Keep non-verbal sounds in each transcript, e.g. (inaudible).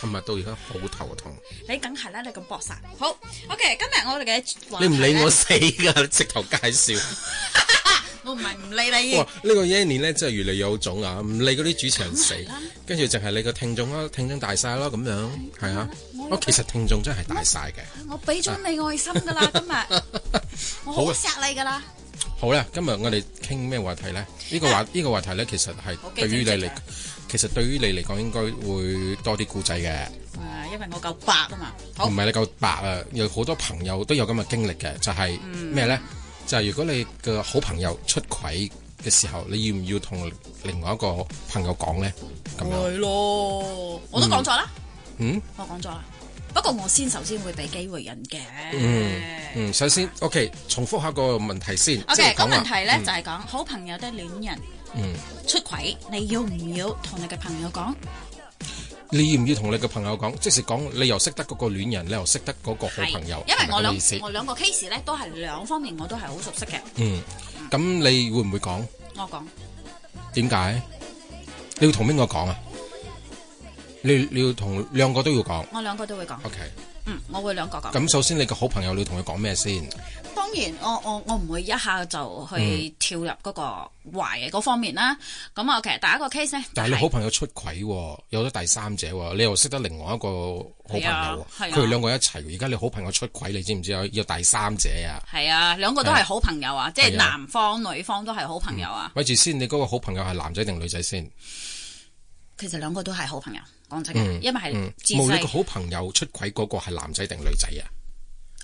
今日到而家好頭痛，你梗係啦，你咁搏殺，好 o、OK, k 今日我哋嘅你唔理我死噶，直頭介紹， (laughs) (laughs) 我唔係唔理你。呢、這個一年咧真係越嚟越有種啊！唔理嗰啲主持人死，跟住淨係你個聽眾咯，聽眾大晒咯，咁樣係對啊。哦有，其實聽眾真係大晒嘅。我俾咗你愛心噶啦， (laughs) 今日我好錫你噶啦。好啦，今日我哋傾咩話題咧？呢、呢個話呢、呢個話題咧，其實係對於你嚟，其實對於你嚟講，應該會多啲故仔嘅。啊，因為我夠白啊嘛，好唔係你夠白啊？有好多朋友都有咁嘅經歷嘅，就係咩咧？嗯、就係如果你嘅好朋友出軌嘅時候，你要唔要同另外一個朋友講咧？咁樣咯，我都講咗啦。嗯，我講咗啦。不過我先首先會俾機會人嘅，嗯嗯，首先，OK，重複下個問題先。OK，說說個問題咧、嗯、就係講好朋友的戀人，嗯，出軌，你要唔要同你嘅朋友講？你要唔要同你嘅朋友講？即係講你又識得嗰個戀人，你又識得嗰個好朋友。因為我兩我兩個 case 咧都係兩方面我都係好熟悉嘅。嗯，咁你會唔會講？我講說。點解？你要同邊個講啊？你你要同兩個都要講，我兩個都會講。O K，嗯，我會兩個講。咁首先你個好朋友你要同佢講咩先？當然，我我我唔會一下就去跳入嗰個壞嘅嗰方面啦。咁啊，其實第一個 case 咧，但係你好朋友出軌，有咗第三者，你又識得另外一個好朋友，佢哋兩個一齊。而家你好朋友出軌，你知唔知啊？有第三者啊？係啊，兩個都係好朋友啊，即係男方女方都係好朋友啊。咪住先，你嗰個好朋友係男仔定女仔先？其實兩個都係好朋友。講、嗯嗯、因為係冇你嘅好朋友出軌嗰個係男仔定女仔啊？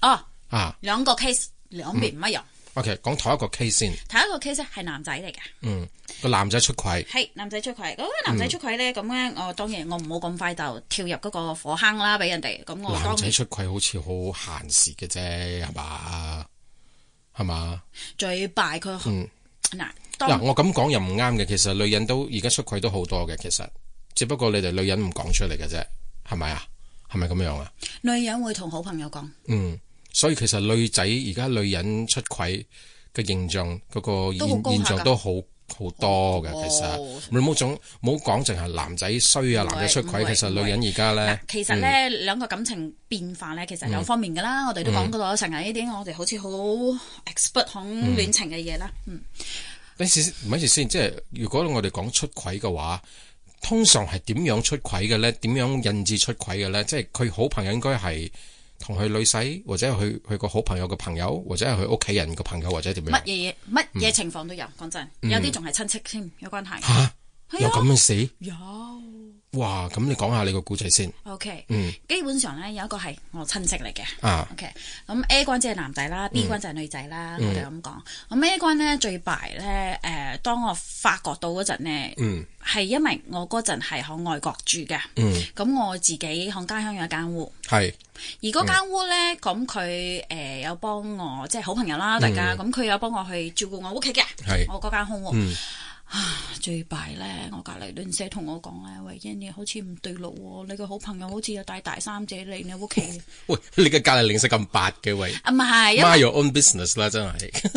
哦，啊，兩個 case 兩邊唔一樣。用 O.K.，講頭一個 case 先。頭一個 case 係男仔嚟嘅。嗯，男男那個男仔出軌，係男仔出軌。嗰個男仔出軌咧，咁咧，我當然我唔好咁快就跳入嗰個火坑啦，俾人哋。咁我男仔出軌好似好閒事嘅啫，係嘛？係嘛？最弊佢嗱，我咁講又唔啱嘅。其實女人都而家出軌都好多嘅，其實。只不過你哋女人唔講出嚟嘅啫，係咪啊？係咪咁樣啊？女人會同好朋友講。嗯，所以其實女仔而家女人出軌嘅形象，嗰個現現象都好好多嘅。其實唔好總唔好講淨係男仔衰啊，男仔出軌。是是其實女人而家咧，其實咧兩、嗯、個感情變化咧，其實有方面噶啦。我哋都講嗰個成日呢啲，我哋好似好 expert 好戀情嘅嘢啦。嗯，等一先，等一先先。即係如果我哋講出軌嘅話，通常係點樣出軌嘅咧？點樣引致出軌嘅咧？即係佢好朋友應該係同佢女婿，或者係佢佢個好朋友嘅朋友，或者係佢屋企人嘅朋友，或者點樣乜嘢嘢乜嘢情況都有。講、嗯、真，有啲仲係親戚添有關係吓、啊，有咁嘅事、啊、有。哇，咁你講下你個古仔先。O K，嗯，基本上咧，有一個係我親戚嚟嘅。啊，O K，咁 A 關即係男仔啦，B 關就係女仔啦，我哋咁講。咁 A 關咧最敗咧，誒，當我發覺到嗰陣咧，係因爲我嗰陣係喺外國住嘅，咁我自己響家鄉有一間屋，係，而嗰間屋咧，咁佢誒有幫我即係好朋友啦，大家，咁佢有幫我去照顧我屋企嘅，我嗰間空屋。啊，Das kop at io 最弊咧，我隔籬鄰舍同我講咧，喂 Enny 好似唔對路喎，你個好朋友好似又帶大,大三姐嚟你屋企 (laughs) 。喂，你嘅隔籬鄰舍咁八嘅喂，唔係，mind your own business 啦，真 (laughs) 係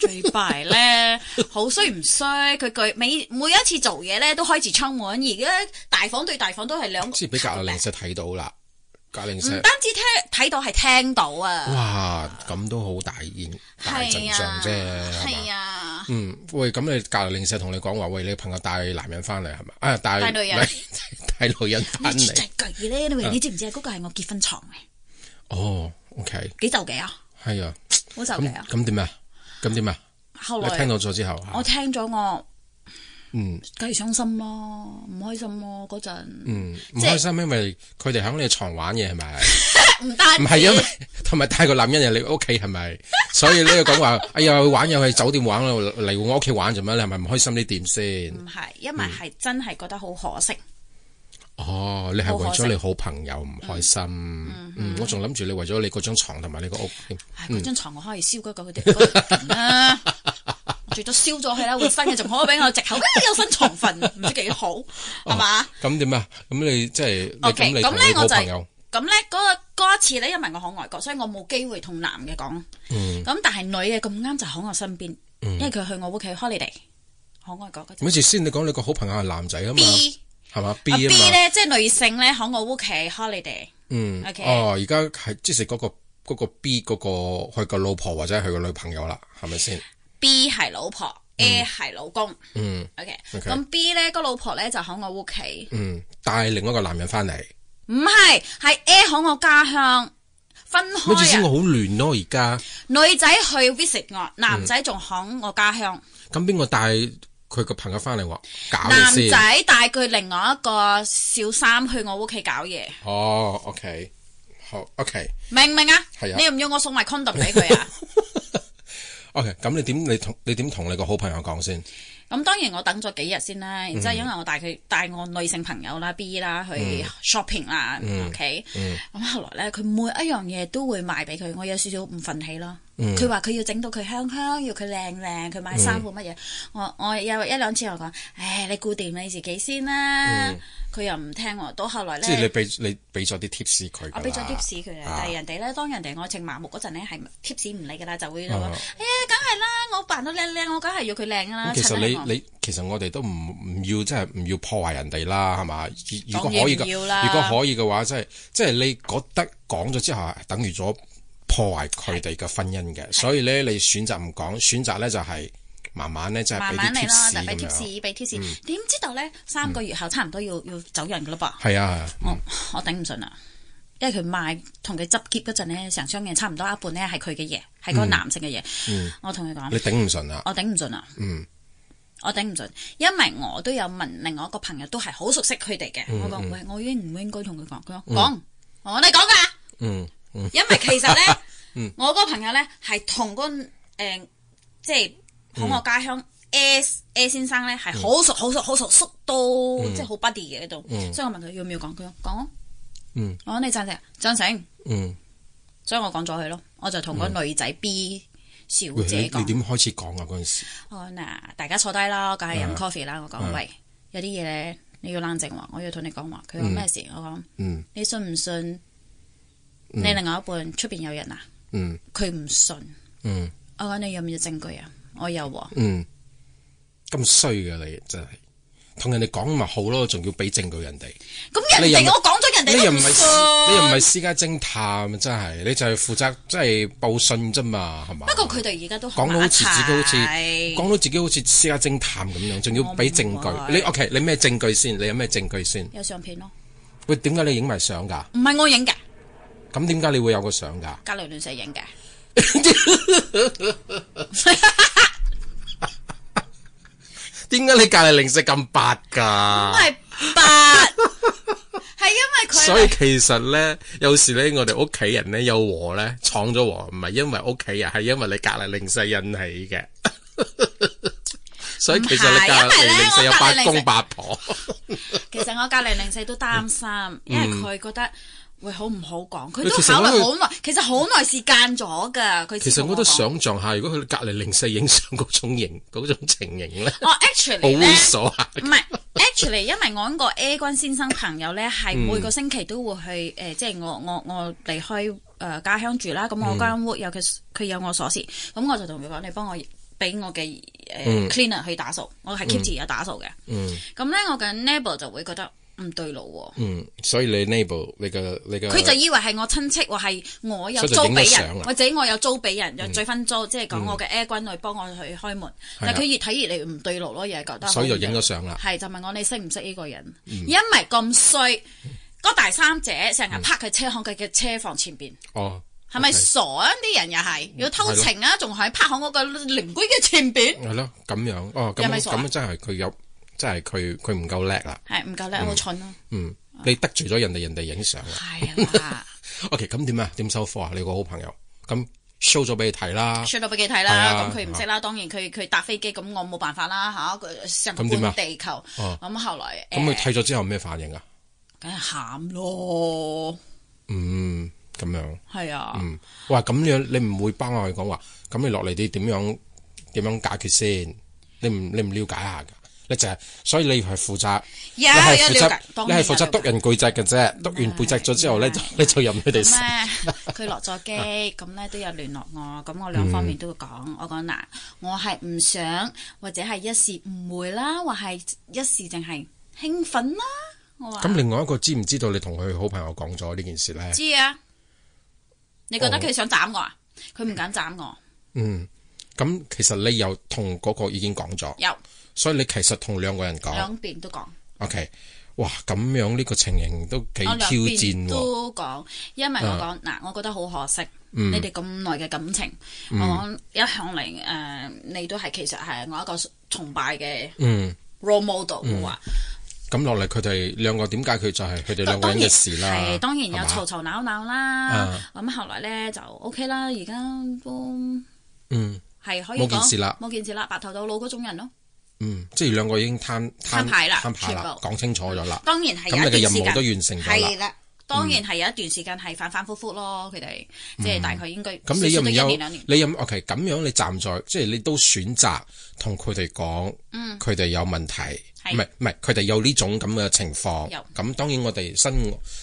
最弊咧，好衰唔衰？佢每每一次做嘢咧都開住窗門，而家大房對大房都係兩，之前俾隔籬鄰舍睇到啦，隔鄰舍唔單止聽睇到係聽到啊，哇吧，咁都好大現大陣象啫，係啊。嗯，喂，咁你隔籬鄰舍同你講話，喂，你朋友帶男人翻嚟係咪啊？帶女人，帶女人翻嚟，咧！你知唔知啊？嗰個係我結婚床嘅。哦，OK，幾舊嘅啊？係啊，好舊嚟啊。咁點啊？咁點啊？後來聽到咗之後，我聽咗我，嗯，梗係傷心咯，唔開心咯。嗰陣，唔開心，因為佢哋喺你床玩嘢係咪？唔係，因為同埋帶個男人入你屋企係咪？所以你又講話哎呀，去玩又去酒店玩咯，嚟我屋企玩做咩？你係咪唔開心啲店先？唔係，因為係真係覺得好可惜。哦，你係為咗你好朋友唔開心。我仲諗住你為咗你嗰張床同埋你個屋。嗰張床我可以燒一搞佢哋啦，最多燒咗佢啦，換新嘅仲可以，俾我藉口有新床瞓，唔知幾好，係嘛？咁點啊？咁你即係咁，你朋友。咁咧，嗰個歌詞咧，因為我響外國，所以我冇機會同男嘅講。咁但係女嘅咁啱就響我身邊，因為佢去我屋企 holiday。響外國嗰陣，好似先你講你個好朋友係男仔啊嘛？B 係嘛？B 啊嘛？即係女性咧響我屋企 holiday。嗯，哦，而家係即是嗰個個 B 嗰個係個老婆或者係佢個女朋友啦，係咪先？B 係老婆，A 係老公。嗯。O K，咁 B 咧個老婆咧就響我屋企。嗯，帶另一個男人翻嚟。唔係，係 A 響我家鄉分開我好亂啊！好亂咯，而家女仔去 visit 我，男仔仲響我家鄉。咁邊個帶佢個朋友翻嚟喎？搞男仔帶佢另外一個小三去我屋企搞嘢。哦，OK，好，OK，明唔明啊？係啊，你唔要我送埋 condom 俾佢啊 (laughs) (laughs) ？OK，咁你點你同你點同你個好朋友講先？咁當然我等咗幾日先啦，然之後因為我帶佢帶我女性朋友啦 B 啦去 shopping 啦，OK，咁後來咧佢每一樣嘢都會賣俾佢，我有少少唔忿氣囉。佢話佢要整到佢香香，要佢靚靚，佢買衫褲乜嘢。我我有一兩次我講，唉，你顧掂你自己先啦。佢又唔聽喎。到後來咧，即係你俾你俾咗啲 tips 佢，我俾咗 tips 佢，但係人哋咧，當人哋愛情麻木嗰陣咧，係 tips 唔理噶啦，就會話，哎呀，梗係啦，我扮到靚靚，我梗係要佢靚啦。其實你你其實我哋都唔唔要，即係唔要破壞人哋啦，係嘛？如果可以嘅，如果可以嘅話，即係即係你覺得講咗之後，等於咗，破壞佢哋嘅婚姻嘅，所以咧你選擇唔講，選擇咧就係慢慢嚟即係俾啲貼士咁樣。點知道咧三個月後差唔多要要走人噶咯噃？係啊，我我頂唔順啊！因為佢賣同佢執喼嗰陣咧，成雙嘅差唔多一半咧係佢嘅嘢，係個男性嘅嘢。我同佢講，你頂唔順啊？我頂唔順啊！嗯，我頂唔順，因為我都有問另外一個朋友，都係好熟悉佢哋嘅。我講喂，我應唔應該同佢講？佢講我哋講噶。嗯。因為其實咧，我嗰個朋友咧係同嗰誒，即係好我家鄉 A A 先生咧係好熟、好熟、好熟熟到即係好 buddy 嘅喺度，所以我問佢要唔要講，佢講。嗯，我你贊成，贊成。嗯，所以我講咗佢咯，我就同個女仔 B 小姐講。你點開始講啊？嗰陣時，嗱大家坐低啦，梗係飲 coffee 啦。我講喂，有啲嘢咧你要冷靜喎，我要同你講話。佢講咩事？我講，你信唔信？你另外一半出面有人啊？嗯，佢唔信。嗯，我講，你有冇證據啊？我有喎，啊。嗯，咁衰嘅，你真係同人哋講咪好咯，仲要俾證據人哋。咁人哋我講咗，人哋都唔信。你又唔係私家偵探，真係你就係負責即係報信啫嘛，係嘛？不過佢哋而家都講到好似自己好似講到自己好似私家偵探咁樣，仲要俾證據，okay，證據。你 OK？你咩證據先？你有咩證據先？有相片咯。喂，點解你影埋相噶？唔係我影嘅。咁點解你會有個相㗎？隔籬鄰舍影嘅。點解 (laughs) (laughs) 你隔籬鄰舍咁八㗎？唔係八，係 (laughs) 因為佢。所以其實咧， (laughs) 有時咧，我哋屋企人咧有禍咧，闖咗禍，唔係因為屋企人，係因為你隔籬鄰舍引起嘅。 (laughs) 所以其實你隔籬鄰舍有八公八婆。八八婆 (laughs) 其實我隔籬鄰舍都擔心，因為佢覺得。喂，好唔好講？佢都考慮好耐，其實好耐時間咗噶。佢其,其實我都想象下，如果佢隔籬鄰舍影相嗰種形，嗰種情形咧。哦、oh,，actually 冇咧， (laughs) 唔係 actually，因為我個 A 君先生朋友咧，係每個星期都會去誒、呃，即係我我我離開誒家鄉住啦。咁我間屋有佢，佢有我鎖匙。咁我就同佢講，你、呃、幫我俾我嘅誒 cleaner 去打掃，嗯、我係 keep 住有打掃嘅。咁咧、嗯，嗯嗯、我嘅 neighbor 就會覺得。唔對路喎，嗯，所以你呢部你個你個佢就以為係我親戚或係我有租俾人，或者我有租俾人最分租，即係講我嘅 Airgun 去幫我去開門，但佢越睇越嚟唔對路咯，又係覺得，所以就影咗相啦，係就問我你識唔識呢個人，一唔係咁衰，嗰第三者成日拍佢車行佢嘅車房前邊，係咪傻啊啲人又係如果偷情啊，仲喺拍響嗰個鄰居嘅前邊，係咯咁樣，哦咁咁真係佢有。即係佢，佢唔夠叻啦，係唔夠叻，我蠢咯。嗯，你得罪咗人哋，人哋影相啦。係啦。O K，咁點啊？點收貨啊？你個好朋友咁 show 咗俾你睇啦，show 咗俾你睇啦。咁佢唔識啦，當然佢佢搭飛機咁，我冇辦法啦吓。佢，咁點啊？咁點啊？咁後來，咁佢睇咗之後咩反應啊？梗係喊咯。嗯，咁樣係啊。嗯，哇，咁樣你唔會幫我哋講話？咁你落嚟啲點樣點樣解決先？你唔你唔了解下噶？你就係，所以你要係負責，你係負責，你係負責督人背脊嘅啫。督完背脊咗之後咧，你就任佢哋食。佢落咗機咁咧，都有聯絡我。咁我兩方面都會講。我講嗱，我係唔想或者係一時誤會啦，或係一時淨係興奮啦。我話咁另外一個知唔知道你同佢好朋友講咗呢件事咧？知啊，你覺得佢想斬我啊？佢唔敢斬我。嗯，咁其實你又同嗰個已經講咗。有。所以你其實同兩個人講，兩邊都講。O K，哇，咁樣呢個情形都幾挑戰。都講，因為我講嗱，我覺得好可惜，你哋咁耐嘅感情，我講一向嚟，誒，你都係其實係我一個崇拜嘅 role model 啊。咁落嚟，佢哋兩個點解佢就係佢哋兩個人嘅事啦？係當然有嘈嘈鬧鬧啦。咁後來咧就 O K 啦，而家都嗯係可以講冇件事啦，冇件事啦，白頭到老嗰種人咯。嗯，即係兩個已經攤攤牌啦，攤牌啦，講部清楚咗啦。當然係咁，你嘅任務都完成咗啦。當然係有一段時間係反反復復咯，佢哋、嗯、即係大概應該咁。嗯、你有唔有？你有 OK 咁樣，你站在即係你都選擇同佢哋講，佢哋有問題，唔係唔係，佢哋是的有呢種咁嘅情況。咁有當然我哋身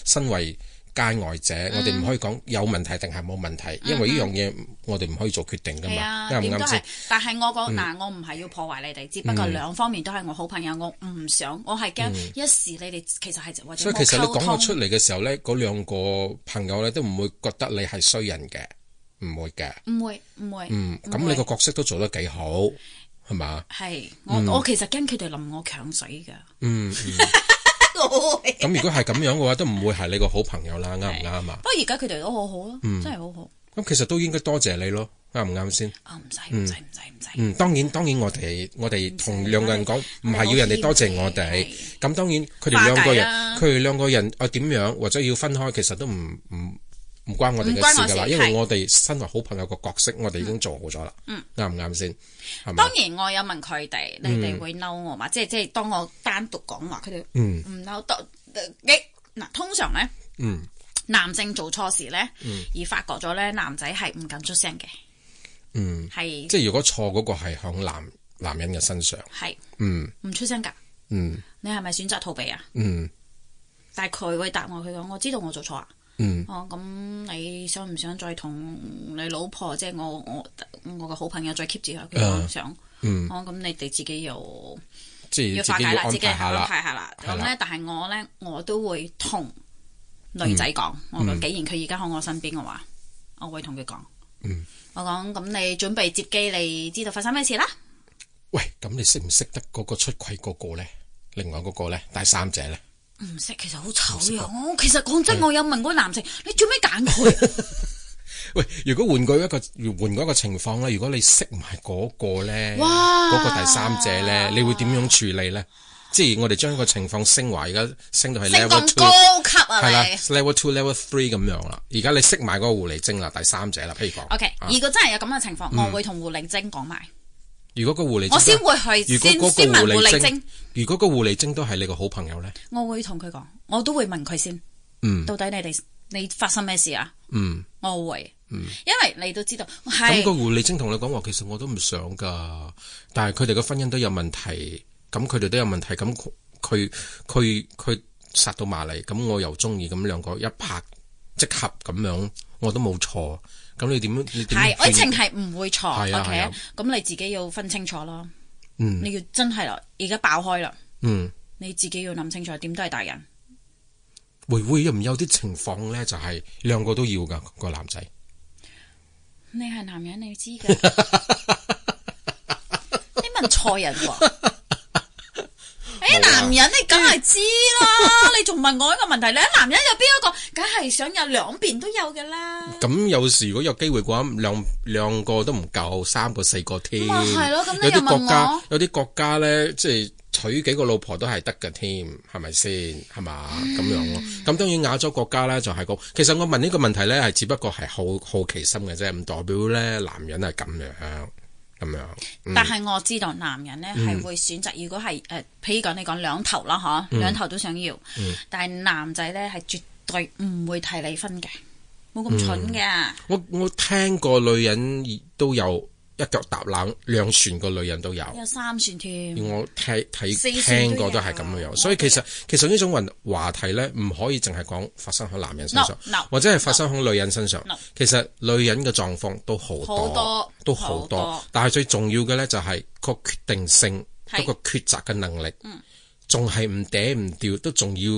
身為界外者，我哋唔可以講有問題定係冇問題，因為呢樣嘢我哋唔可以做決定噶嘛，啱唔啱？但係我講嗱，我唔係要破壞你哋，只不過兩方面都係我好朋友，我唔想，我係驚一時你哋其實係或者冇溝通。所以其實你講出嚟嘅時候呢，嗰兩個朋友咧都唔會覺得你係衰人嘅，唔會嘅，唔會唔會。嗯，咁你個角色都做得幾好，係嘛？係我我其實驚佢哋諗我強水噶。嗯。咁如果係咁樣嘅話，都唔會係你個好朋友啦，啱唔啱啊？不過而家佢哋都好好咯，真係好好。咁其實都應該多謝你咯，啱唔啱先？啱，唔使唔使唔使唔使。嗯，當然當然，我哋我哋同兩個人講，唔係要人哋多謝我哋。咁當然，佢哋兩個人，佢哋兩個人，啊點樣或者要分開，其實都唔唔。唔關我哋事噶啦，因為我哋身為好朋友嘅角色，我哋已經做好咗啦。嗯，啱唔啱先？當然我有問佢哋，你哋會嬲我嘛？即係即係當我單獨講話，佢哋嗯唔嬲得，嗱，通常咧，男性做錯事咧，而發覺咗咧，男仔係唔敢出聲嘅。嗯，係即係如果錯嗰個係響男男人嘅身上，係嗯唔出聲噶。嗯，你係咪選擇逃避啊？嗯，但係佢會答我，佢講我知道我做錯啊。嗯，哦、mm. oh,，咁你想唔想再同你老婆，即係我我我個好朋友再 keep 住佢？想 I,，嗯，哦，咁你哋自己又即係要化解啦，自己係啦，係啦，咁咧，但係我咧，我都會同女仔講，我話既然佢而家喺我身邊嘅話，我會同佢講，我講咁你準備接機，你知道發生咩事啦？喂，咁你識唔識得嗰個出軌嗰個咧？另外嗰個咧，第三者咧？唔識。其實好醜啊！其實講懂真，我有問過嗰個男性，嗯、你做咩揀佢？ (laughs) 喂，如果換過一個換過一個情況咧，如果你識埋嗰個咧，哇，嗰個第三者咧，你會點樣處理咧？哇即係我哋將呢個情況升華，而家升到係 level two 高級啊，係啦你，level two level three 咁樣啦。而家你識埋嗰個狐狸精啦，第三者啦，譬如講，OK，、啊、如果真係有咁嘅情況，嗯、我會同狐狸精講埋。如果個狐狸精，我先會去如果個狐狸精，先先問狐狸精。如果個狐狸精都係你個好朋友咧，我會同佢講，我都會問佢先。嗯，到底你哋你發生咩事啊？嗯，我會。嗯，因為你都知道。咁、嗯、是個狐狸精同你講話，其實我都唔想噶，但係佢哋個婚姻都有問題，咁佢哋都有問題，咁佢佢佢殺到埋嚟，咁我又中意，咁兩個一拍即合咁樣，我都冇錯。咁你點樣？係愛情係唔會錯，OK？咁你自己要分清楚咯。嗯，你要真係啦，而家爆開啦。嗯，你自己要諗清楚，點都係大人。會唔會又唔有啲情況咧？就係兩個都要噶個男仔。你係男人，你知噶。 (laughs) 你問錯人。 (laughs) 啲男人你梗係知啦， (laughs) 你仲問我一個問題？你喺男人有邊一個，梗係想有兩邊都有嘅啦。咁有時如果有機會嘅話，兩兩個都唔夠，三個四個添。係咯、嗯，咁、哦、你又問我，有啲國家咧，即係娶幾個老婆都係得嘅添，係咪先？係嘛咁樣咯。咁當然亞洲國家咧就係個。其實我問呢個問題咧，係只不過係好好奇心嘅啫，唔代表咧男人係咁樣。嗯、但係我知道男人呢係、嗯、會選擇，如果係誒，譬如講你講兩頭啦，嗬，兩、嗯、頭都想要，嗯、但係男仔呢係絕對唔會提離婚嘅，冇咁蠢嘅、嗯。我我聽過女人都有。一腳踏兩船個女人都有，有三船添。我聽睇聽過都係咁樣，所以其實其實呢種話話題呢，唔可以淨係講發生喺男人身上，或者係發生喺女人身上。其實女人嘅狀況都好多，都好多，但係最重要嘅呢，就係個決定性，一個抉擇嘅能力。仲係唔嗲唔掉，都仲要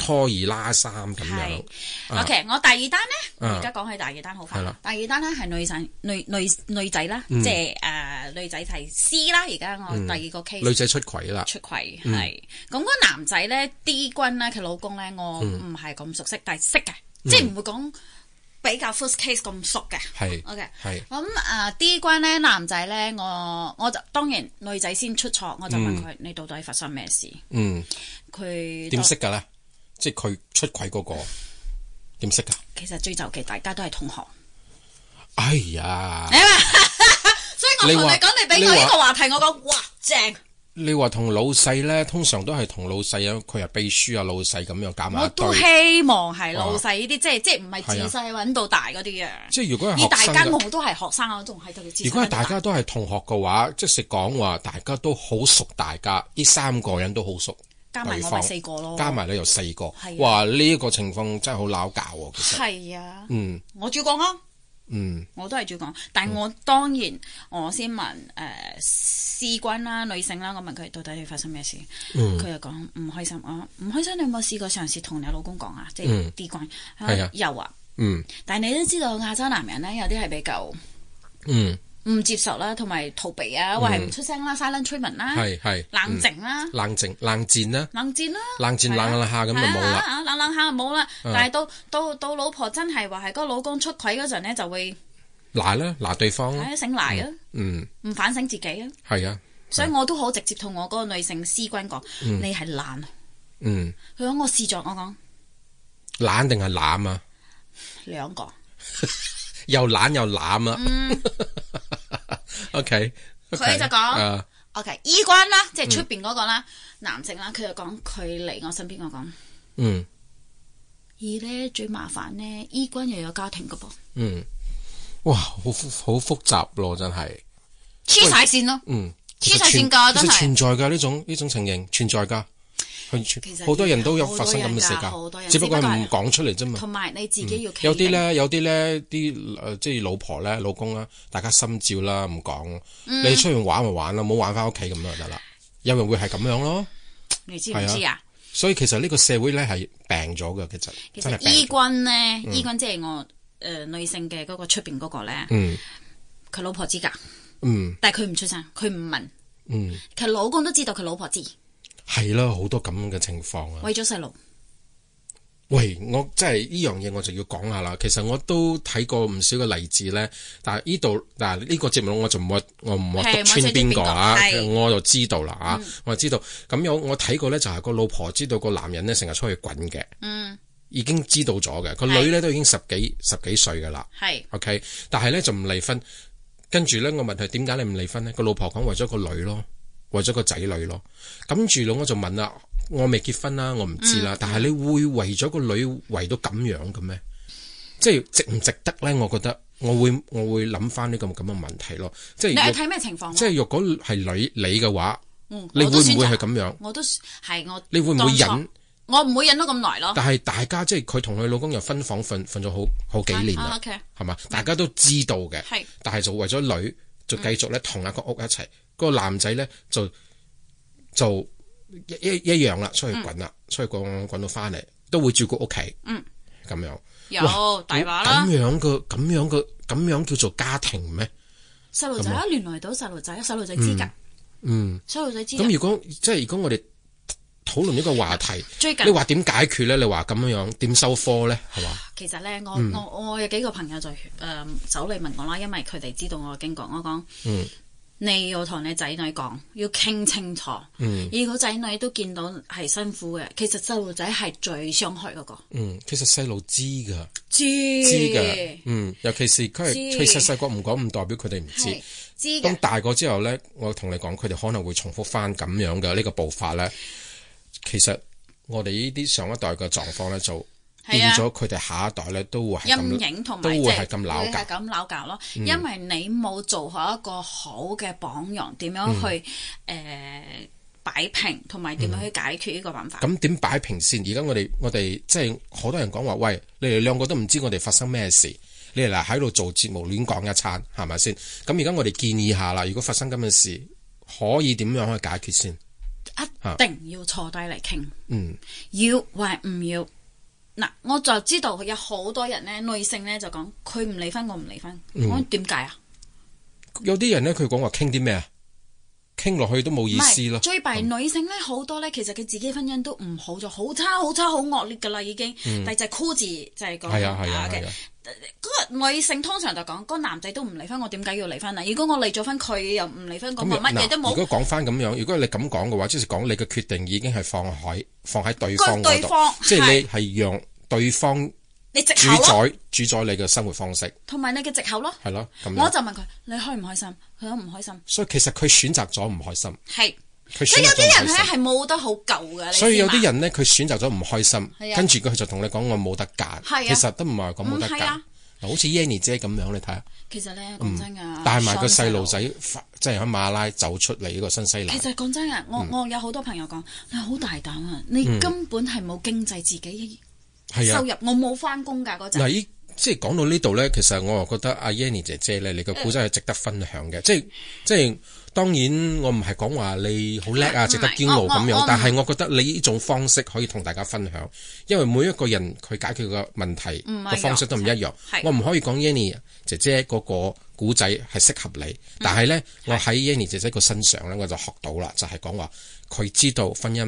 拖二拉三咁樣。嗯啊、OK，我第二單咧，而家講起第二單好快。啊、第二單咧係女神女女女仔啦，嗯、即係誒、呃、女仔提 C 啦。而家我第二個 case、嗯、女仔出軌啦，出軌係。咁嗰、嗯嗯、個男仔咧 D 君咧，佢老公咧，我唔係咁熟悉，嗯、但係識嘅，即係唔會講。嗯比較 first case 咁熟嘅，係，OK，係，咁啊 D 關咧，男仔咧，我我就當然女仔先出錯，我就問佢，嗯、你到底發生咩事？嗯，佢點他識噶咧？即係佢出軌嗰個點識噶？其實最早期大家都係同學。哎呀， (laughs) 所以我同你講說，你俾我呢個話題，說我講哇正。你話同老細咧，通常都係同老細啊，佢係秘書啊，老細咁樣夾埋。加我都希望係老細呢啲，即係即係唔係自細搵到大嗰啲啊。即係如果，呢大家，我都係學生嗰種，係得。如果大家都係同學嘅話，即係講話，大家都好熟，大家呢三個人都好熟，加埋我得四個咯，個咯加埋你有四個，啊、哇！呢、這、一個情況真係好鬧交啊，其實係啊，嗯，我主要講啊。嗯，我都係主要講，但係我當然我先問誒、呃，士軍啦、呃，女性啦，我問佢到底係發生咩事，佢、嗯、就講唔開心啊，唔開心你有冇試過嘗試同你老公講啊，即係 D 軍，又、嗯、啊，啊嗯，但係你都知道亞洲男人呢，有啲係比較，嗯。唔接受啦，同埋逃避啊，或係唔出聲啦，Silent treatment 啦，係係冷靜啦，冷靜冷戰啦，冷戰啦，冷戰冷下冷下咁就冇啦，冷冷下就冇啦。但係到到到老婆真係話係個老公出軌嗰陣呢，就會賴啦賴對方醒賴啦，嗯，唔反省自己啊，係啊，所以我都好直接同我嗰個女性私軍講，你係懶啊，嗯，佢講我視作我講懶定係懶啊，兩個。又懶又攬啊嗯 OK 佢就講，OK，衣軍啦，即係出邊嗰個啦，男性啦，佢就講佢嚟我身邊，我講，嗯，而呢，最麻煩呢，衣軍又有家庭噶噃，嗯，哇，好複好複雜咯，真係黐晒線咯，嗯，黐晒線噶，真係存在噶，呢種呢種情形存在噶。好多人都有發生咁嘅事噶，好多人好多人只不過係唔講出嚟啫嘛。同埋你自己要、嗯，有啲咧，有啲咧，啲誒、呃，即係老婆咧，老公啦，大家心照啦，唔講。嗯、你出去玩咪玩咯，唔好玩翻屋企咁就得啦。因為會係咁樣咯，你知唔知啊？所以其實呢個社會咧係病咗噶，其實。其實依軍呢，依、嗯、軍即係我誒、呃、女性嘅嗰個出邊嗰個咧，佢、嗯、老婆知噶，嗯、但係佢唔出聲，佢唔問，其實、嗯、老公都知道佢老婆知。係咯，好多咁嘅情況啊！為咗細路，喂，我真係呢樣嘢，我就要講下啦。其實我都睇過唔少嘅例子咧，但係呢度但係呢個節目我就唔我唔篤穿邊個啊，啊的我就知道啦啊、嗯，我知道咁樣我睇過咧就係、是、個老婆知道個男人咧成日出去滾嘅，嗯，已經知道咗嘅，個女咧的都已經十幾十幾歲噶啦，係的的，OK，但係咧就唔離婚，跟住咧我問佢點解你唔離婚咧？個老婆講為咗個女咯。為咗個仔女咯，咁住老我就問啦，我未結婚啦，我唔知啦，嗯、但係你會為咗個女為到咁樣嘅咩？即係值唔值得咧？我覺得我會我會諗翻呢個咁嘅問題咯，即係你睇咩情況？即係若果係女你嘅話，嗯、你會唔會係咁樣？我都係我，我你會唔會忍？我唔會忍到咁耐咯。但係大家即係佢同佢老公又分房瞓，瞓咗好好幾年啦，係嘛是、啊 okay？大家都知道嘅，嗯、但係就為咗女就繼續咧同一個屋一齊。個男仔咧就就一一一樣啦，出去滾啦，出去滾滾到翻嚟都會照顧屋企，嗯，咁樣有大把啦。咁樣嘅，咁樣嘅，咁樣叫做家庭咩？細路仔聯絡到細路仔，細路仔知噶，嗯，細路仔知。咁如果即係如果我哋討論一個話題，最近，你話點解決咧？你話咁樣樣點收科咧？係嘛？其實咧，我我我有幾個朋友就誒走嚟問我啦，因為佢哋知道我嘅經過，我講嗯。你要同你仔女講，要傾清楚，如果仔女都見到係辛苦嘅，其實細路仔係最傷害嗰個。嗯，其實細路知噶，知知嘅，嗯，尤其是佢係知其實細個唔講唔代表佢哋唔知，知。咁大個之後咧，我同你講，佢哋可能會重複翻咁樣嘅呢個步伐咧。其實我哋呢啲上一代嘅狀況咧就。變咗佢哋下一代咧，都會係陰影，同埋都會係咁扭架，咁扭咯。嗯、因為你冇做好一個好嘅榜樣，點樣去誒擺、嗯呃、平，同埋點樣去解決呢個辦法？咁點擺平先？而家我哋我哋即係好多人講話，喂，你哋兩個都唔知我哋發生咩事，你哋嗱喺度做節目亂講一餐，係咪先？咁而家我哋建議下啦，如果發生咁嘅事，可以點樣去解決先？一定要坐低嚟傾，嗯，要或係唔要。嗱，我就知道有好多人咧，女性咧就講佢唔離婚，我唔離婚，我點解啊？有啲人咧，佢講話傾啲咩啊？傾落去都冇意思咯。最弊女性咧好多咧，其實佢自己婚姻都唔好咗，好差好差好惡劣噶啦，已經。但就係箍字就係講係啊係啊。嗰個女性通常就講嗰個男仔都唔離婚，我點解要離婚啊？如果我離咗婚，佢又唔離婚，咁我乜嘢都冇。如果講翻咁樣，如果你咁講嘅話，即是講你嘅決定已經係放喺放喺對方嗰度，即係你係讓。對方你直主宰主宰你嘅生活方式，同埋你嘅藉口咯，係咯，我就問佢你開唔開心，佢都唔開心，所以其實佢選擇咗唔開心，係，咁有啲人咧係冇得好舊嘅，所以有啲人咧佢選擇咗唔開心，跟住佢就同你講我冇得揀，其實都唔係咁冇得揀，嗱，好似 Yanny 姐咁樣，你睇下，其實咧，講真㗎，帶埋個細路仔，即係喺馬拉走出嚟呢個新西蘭，其實講真嘅，我我有好多朋友講，你好大膽啊，你根本係冇經濟自己。收入我冇翻工噶陣，嗱即係講到呢度咧，其實我又覺得阿 Yanny 姐姐咧，你個古仔係值得分享嘅。嗯，即係即係，當然我唔係講話你好叻啊，嗯，值得驕傲咁樣，但係我覺得你呢種方式可以同大家分享，因為每一個人佢解決個問題個、嗯、方式都唔一樣，嗯，我唔可以講 Yanny 姐姐嗰個古仔係適合你，但係咧我喺 Yanny 姐姐個身上咧，我就學到啦，就係講話佢知道婚姻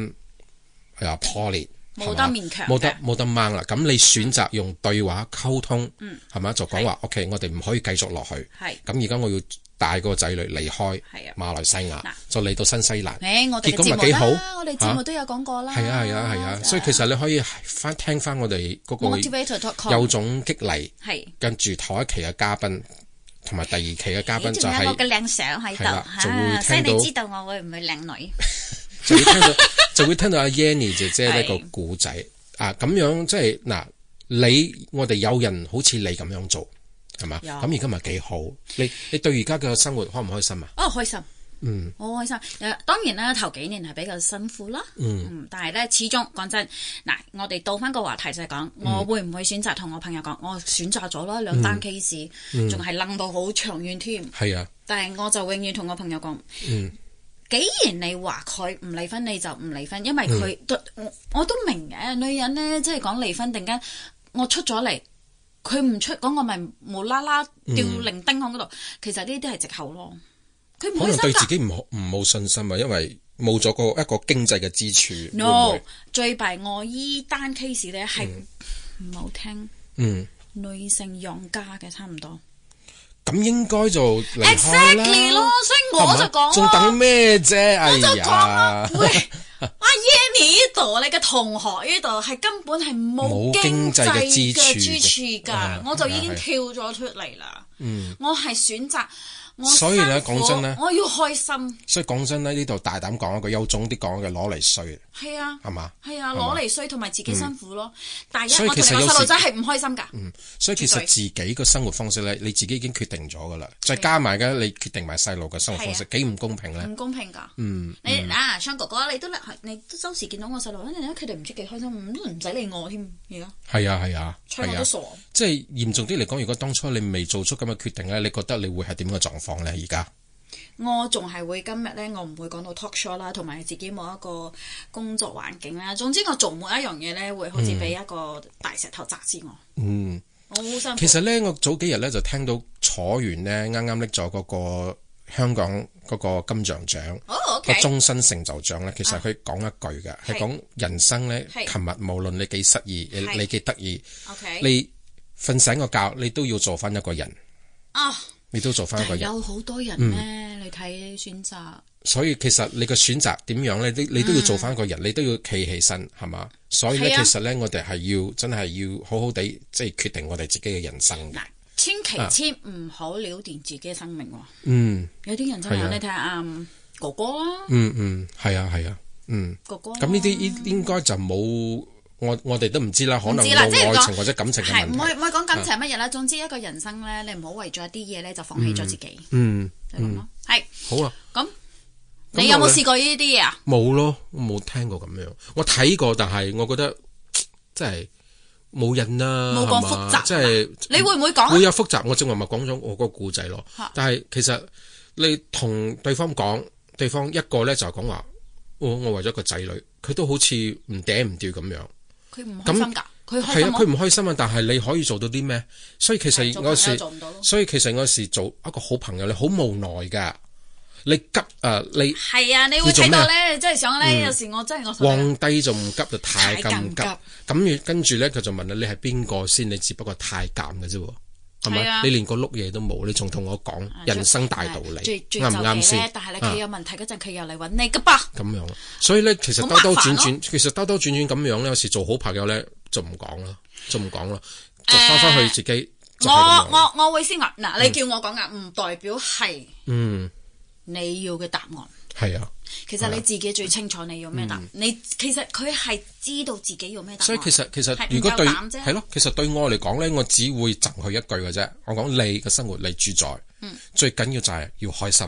係阿破裂。冇得勉強，冇得冇得掹啦！咁你選擇用對話溝通，係咪？就講話，OK，我哋唔可以繼續落去。係咁，而家我要帶個仔女離開馬來西亞，就嚟到新西蘭。誒，我哋節目啦，我哋節目都有講過啦。係啊係啊係啊，所以其實你可以翻聽翻我哋嗰個有種激勵，跟住頭一期嘅嘉賓同埋第二期嘅嘉賓就係，就會聽你知道我會唔會靚女。 (laughs) 就會聽到阿 Yanny 姐姐呢個故仔是啊，咁樣即係嗱，你我哋有人好似你咁樣做，係嘛？咁而家咪幾好？你你對而家嘅生活開唔開心啊？哦，開心，嗯，好、哦、開心。誒，當然啦，頭幾年係比較辛苦啦，嗯，但係咧，始終講真，嗱，我哋到翻個話題就係講，我會唔會選擇同我朋友講，嗯、我選擇咗咯，兩單 case 仲係諗到好長遠添，係啊，但係我就永遠同我朋友講，嗯。嗯既然你話佢唔離婚，你就唔離婚，因為佢，嗯、我我都明嘅。女人咧，即係講離婚，突然間我出咗嚟，佢唔出，咁我咪無啦啦吊零丁響嗰度。嗯、其實呢啲係藉口咯，佢可能對自己唔唔冇信心啊，因為冇咗個一個經濟嘅支柱。會會 no，最弊我依單 case 咧係唔好聽，嗯，女性用家嘅差唔多。咁應該就 e x a c 離開啦。Exactly，所以我就講咯，仲等咩啫？哎、我就講咯，喂，阿 Yanny 呢度，你嘅同學呢度係根本係冇經濟嘅支，支柱噶，啊、我就已經跳咗出嚟啦。嗯，我係選擇。所以咧，講真咧，我要開心。所以講真咧，呢度大膽講一個，有種啲講嘅攞嚟衰。係啊，係嘛？係啊，攞嚟衰同埋自己辛苦咯。但係其實有細路仔係唔開心噶。所以其實自己嘅生活方式咧，你自己已經決定咗噶啦，再加埋嘅你決定埋細路嘅生活方式，幾唔公平咧？唔公平噶。嗯，你啊，昌哥哥，你都你周時見到我細路咧，佢哋唔知幾開心，唔唔使理我添。係啊係啊，昌啊，傻。即係嚴重啲嚟講，如果當初你未做出咁嘅決定咧，你覺得你會係點嘅狀？放咧而家，我仲係會今日咧，我唔會講到 talk show 啦，同埋自己冇一個工作環境啦。總之我做每一樣嘢咧，會好似俾一個大石頭砸住我。嗯，我好辛苦。其實咧，我早幾日咧就聽到楚原呢啱啱拎咗嗰個香港嗰個金像獎，個終、oh, okay. 身成就獎咧。其實佢講一句嘅係講人生咧，琴是日無論你幾失意，是你幾得意，Okay. 你瞓醒個覺，你都要做翻一個人。啊！Oh. 你都做翻個人，有好多人咧，你睇選擇，所以其實你個選擇點樣咧，你你都要做翻個人，你都要企起身，係嘛？所以咧，其實咧，我哋係要真係要好好地即係決定我哋自己嘅人生嗱，千祈千唔好了斷自己嘅生命喎。嗯，有啲人真係，你睇下哥哥啦。嗯嗯，係啊係啊，嗯，哥哥咁呢啲應應該就冇。我我哋都唔知啦，可能有，有愛情或者感情嘅問題，唔可以唔可以講感情係乜嘢啦？總之一個人生咧，你唔好為咗一啲嘢咧就放棄咗自己。嗯，係、嗯嗯、好啊。咁你有冇試過呢啲嘢啊？冇咯，冇聽過咁樣。我睇過，但係我覺得即係冇癮啦，冇咁複雜，係嘛？即係、啊、吧你會唔會講、啊、會有複雜？我正話咪講咗我個故仔咯。但係其實你同對方講，對方一個咧就講話我我為咗個仔女，佢都好似唔嗲唔吊咁樣。佢唔開心噶，佢係那啊，佢唔開心啊，不但係你可以做到啲咩？所以其實我對時，我所以其實有時做一個好朋友，你好無奈噶，你急啊、呃，你係啊，你會睇到咧，真係想咧，有時我真係我皇帝就唔急，就太咁急。咁跟住咧，佢就問你，你係邊個先？你只不過太監嘅啫。係咪？係啊！你連個碌嘢都冇，你仲同我講人生大道理，啱唔啱先？正正呢，但係咧，佢有問題嗰陣，佢、啊、又嚟搵你噶噃。咁樣，所以咧，其實兜兜轉轉，啊、其實兜兜轉轉咁樣咧，有時做好朋友咧，就唔講啦，就唔講啦，就翻翻去自己。呃、我我我會先嗱，你叫我講呀，唔代表係嗯你要嘅答案。係啊，其實你自己最清楚你要咩答案。嗯，你其實佢係知道自己要咩答案。所以其實其實如果對係咯，其實對我嚟講咧，我只會贈佢一句嘅啫。我講你嘅生活，你主宰。嗯，最緊要就係要開心，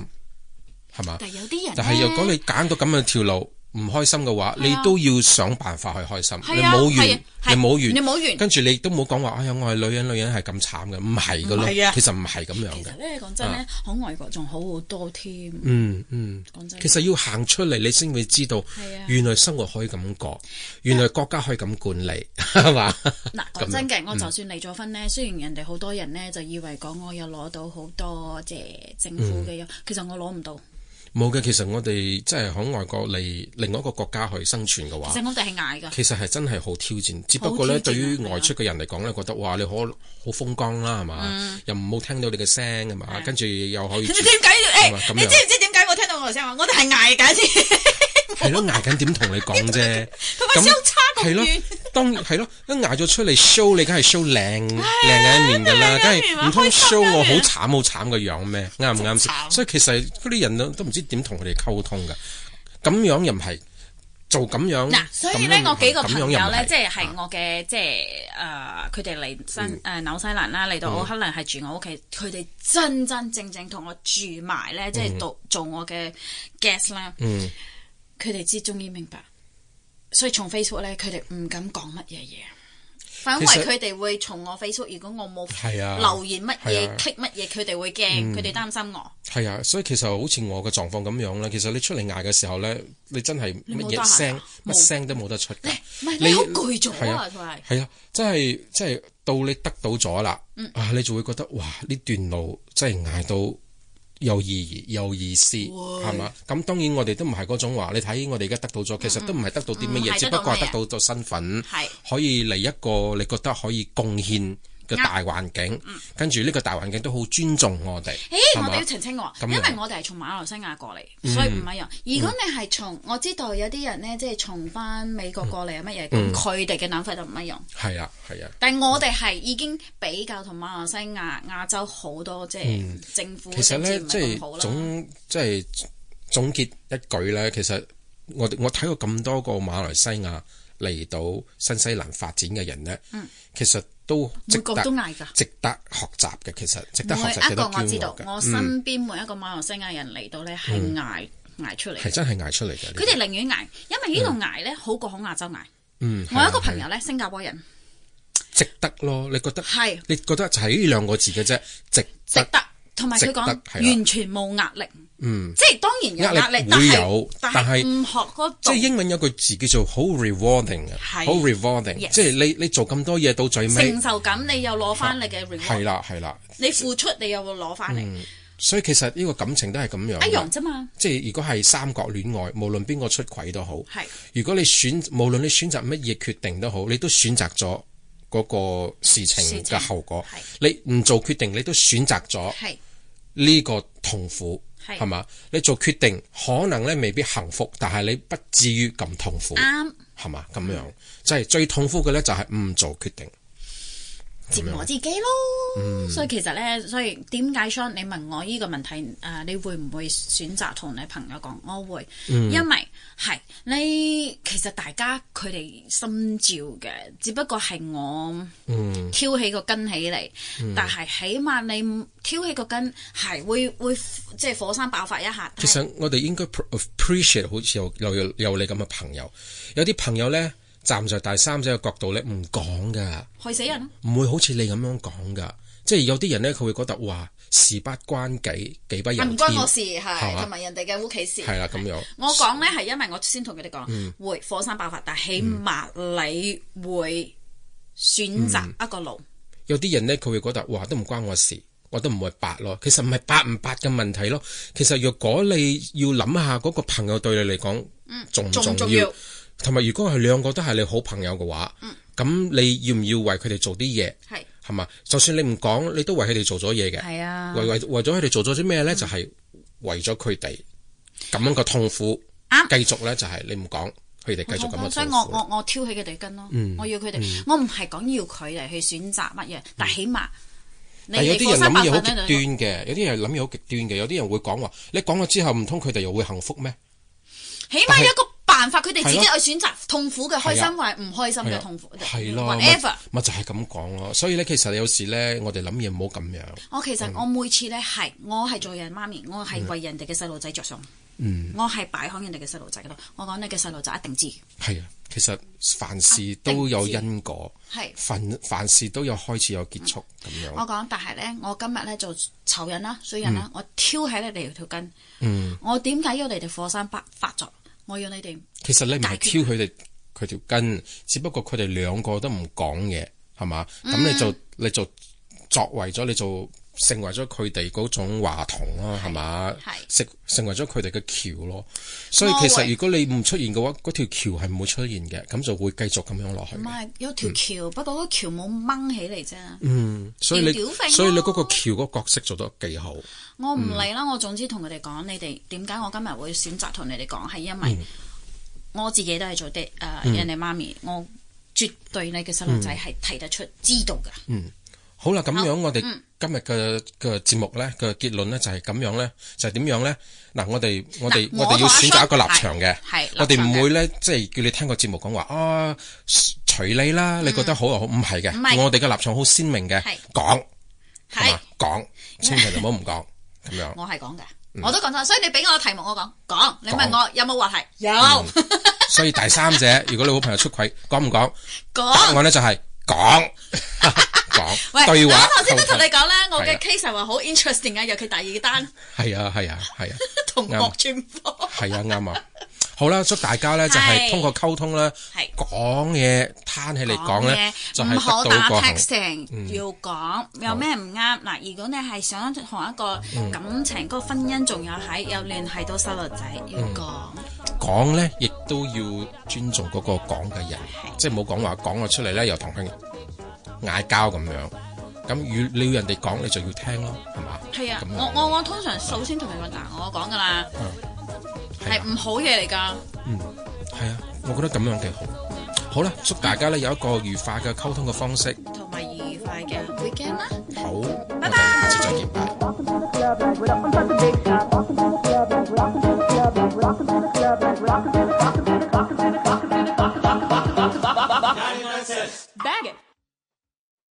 係嘛？但係有啲人，但係如果你揀到咁嘅條路。唔開心嘅話，你都要想辦法去開心。你冇完，你冇完，你冇完。跟住你都冇講話，哎呀，我係女人，女人係咁慘嘅，唔係噶咯，其實唔係咁樣嘅。其實呢，講真呢，好外國仲好好多添。嗯嗯，講真，其實要行出嚟，你先會知道，原來生活可以咁過，原來國家可以咁管理，係嘛？嗱，講真嘅，我就算離咗婚呢，雖然人哋好多人呢，就以為講我有攞到好多即係政府嘅嘢，其實我攞唔到。冇嘅，其實我哋即係喺外國嚟另一個國家去生存嘅話，其實我哋係捱㗎。其實係真係好挑戰，只不過咧，對於外出嘅人嚟講咧，嗎覺得哇，你可好風光啦，係嘛？嗯、又冇聽到你嘅聲㗎嘛，的跟住又可以點解？誒，你知唔知點解我聽到我嘅聲啊？我哋係捱㗎先。 (laughs) 係咯，捱緊點同你講啫，咁係咯，當係咯，一捱咗出嚟 show，你梗係 show 靚靚靚一面噶啦，梗係唔通 show 我好慘好慘個樣咩？啱唔啱先？慘所以其實嗰啲人都唔知點同佢哋溝通噶，咁樣又唔係做咁樣。嗱、啊，所以咧，我幾個朋友咧，即係係我嘅，即係誒，佢哋嚟新誒紐、呃、西蘭啦，嚟到奧克蘭係住我屋企，佢哋真真正正同我住埋咧，即係做我嘅 guest 啦。嗯佢哋知，終於明白，所以從 Facebook 咧，佢哋唔敢講乜嘢嘢，因為佢哋會從我 Facebook。如果我冇留言乜嘢 click 乜嘢，佢哋、啊啊、會驚，佢哋、嗯、擔心我。係啊，所以其實好似我嘅狀況咁樣咧，其實你出嚟捱嘅時候咧，你真係乜嘢聲、乜、啊、聲都冇得出。唔係你好攰咗啊，同埋係啊，真係真係到你得到咗啦，嗯、啊，你就會覺得哇！呢段路真係捱到～有意義，有意思，係嘛會？咁當然我哋都唔係嗰種話。你睇我哋而家得到咗，其實都唔係得到啲乜嘢，嗯嗯、只不過係得到咗身份，的可以嚟一個你覺得可以貢獻。個大環境，跟住，呢個大環境都好尊重我哋。誒，我哋要澄清喎，因為我哋係從馬來西亞過嚟，所以唔一樣。如果你係從，我知道有啲人呢，即係從返美國過嚟乜嘢，佢哋嘅諗法就唔一樣。係啊，係啊。但係我哋係已經比較同馬來西亞、亞洲好多，即係政府，其實呢，即係總即係總結一句呢，其實我我睇過咁多個馬來西亞嚟到新西蘭發展嘅人呢，其實。都每個都捱㗎，值得學習嘅其實，值得學習每一個我知道，我身邊每一個馬來西亞人嚟到咧係捱捱出嚟，係真係捱出嚟嘅。佢哋寧願捱，因為呢度捱咧好過喺亞洲捱。嗯，我有一個朋友咧，新加坡人，值得咯。你覺得係？你覺得就係呢兩個字嘅啫，值值得。同埋佢講完全冇壓力，嗯，即係當然有壓力，會有，但係唔學嗰種，即係英文有句字叫做好 rewarding 嘅，好 rewarding，即係你你做咁多嘢到最尾，承受感你又攞翻你嘅 reward，係啦係啦，你付出你又攞翻嚟，所以其實呢個感情都係咁樣一樣啫嘛，即係如果係三角戀愛，無論邊個出軌都好，係，如果你選無論你選擇乜嘢決定都好，你都選擇咗。嗰個事情嘅後果，你唔做決定，你都選擇咗呢個痛苦，係嘛是？你做決定，可能咧未必幸福，但係你不至於咁痛苦，係嘛、嗯？咁樣就係、是、最痛苦嘅咧，就係、是、唔做決定。折磨自己咯，嗯、所以其實咧，所以點解 Sir 你問我依個問題，誒、呃，你會唔會選擇同你朋友講？我會，嗯、因為係，你其實大家佢哋心照嘅，只不過係我嗯，挑起個根起嚟，但係起碼你挑起個根係會會，會即係火山爆發一下。其實我哋應該 appreciate 好似有有有，有，有你咁嘅朋友，有啲朋友咧。站在第三者嘅角度咧，唔講㗎，害死人，唔會好似你咁樣講㗎。即係有啲人呢，佢會覺得話事不關己，己不仁。唔關我事，係同埋人哋嘅屋企事。係啦的，咁樣。我講呢，係因為我先同佢哋講，嗯、會火山爆發，但起碼你會選擇一個路。嗯嗯、有啲人呢，佢會覺得話都唔關我事，我都唔會白咯。其實唔係白唔白嘅問題咯。其實若果你要諗下嗰個朋友對你嚟講，嗯、重唔重要？同埋，如果係兩個都係你好朋友嘅話，咁你要唔要為佢哋做啲嘢？係係嘛？就算你唔講，你都為佢哋做咗嘢嘅。係啊，為為為咗佢哋做咗啲咩咧？就係為咗佢哋咁樣個痛苦，繼續咧就係你唔講，佢哋繼續咁樣痛苦。所以我我我挑起佢哋根咯，我要佢哋。我唔係講要佢哋去選擇乜嘢，但起碼你有啲人諗嘢好極端嘅，有啲人諗嘢好極端嘅，有啲人會講話，你講咗之後唔通佢哋又會幸福咩？起碼一個。辦法，佢哋自己去選擇痛苦嘅開心，的或唔開心嘅痛苦。係咯，whatever，咪就係咁講咯。所以咧，其實有時咧，我哋諗嘢唔好咁樣。我其實我每次咧係我係做人媽咪，我係為人哋嘅細路仔着想，嗯、我係擺好人哋嘅細路仔嗰度。我講你嘅細路仔一定知係啊。其實凡事都有因果，凡凡事都有開始有結束咁、嗯、樣。我講，但係咧，我今日咧就仇人啦、衰人啦，嗯、我挑起你哋條筋，嗯、我點解要你哋火山發發作？我要你哋，其實你唔係挑佢哋佢條筋，只不過佢哋兩個都唔講嘢，係嘛？咁你就你就作為咗你做，你做成為咗佢哋嗰種話筒咯，係嘛是吧？成成為咗佢哋嘅橋咯，所以其實如果你唔出現嘅話，嗰條橋係唔會出現嘅，咁就會繼續咁樣落去。唔係有條橋，不過、嗯、個橋冇掹起嚟啫。嗯，所以你吊吊所以你嗰個橋嗰個角色做得幾好。我唔理啦，嗯、我總之同佢哋講，你哋點解我今日會選擇同你哋講，係因為我自己都係做爹，誒人哋媽咪，我絕對你嘅細路仔係睇得出知道噶。嗯嗯好啦，咁樣我哋今日嘅嘅節目咧，嘅結論咧就係咁樣咧，就係點樣咧？嗱，我哋我哋我哋要選擇一個立場嘅，我哋唔會咧即係叫你聽個節目講話啊，隨你啦，你覺得好又好，唔係嘅，我哋嘅立場好鮮明嘅，講，係講，千祈唔好唔講，咁樣，我係講嘅，我都講咗，所以你俾我個題目我講，講，你問我有冇話題，有，所以第三者如果你好朋友出軌，講唔講？講，我咧就係講。講對我頭先都同你講啦，我嘅 case 係話好 interesting 啊，尤其第二單係啊係啊係啊，同國專科係啊啱啊，好啦，祝大家咧就係通過溝通咧講嘢，攤起嚟講咧就係得到個恒。唔好打 texting，要講有咩唔啱嗱？如果你係想同一個感情嗰個婚姻仲有喺，有聯繫到細路仔，要講講咧亦都要尊重嗰個講嘅人，即係冇講話講咗出嚟咧又同。嗌交咁樣，咁如你要人哋講，你就要聽咯，係嘛？係啊，我我我通常首先同人哋打我講噶啦，係唔好嘢嚟噶。嗯，係啊，我覺得咁樣幾好。好啦，祝大家咧有一個愉快嘅溝通嘅方式，同埋愉快嘅 weekend 啦。好，下次再見，拜拜。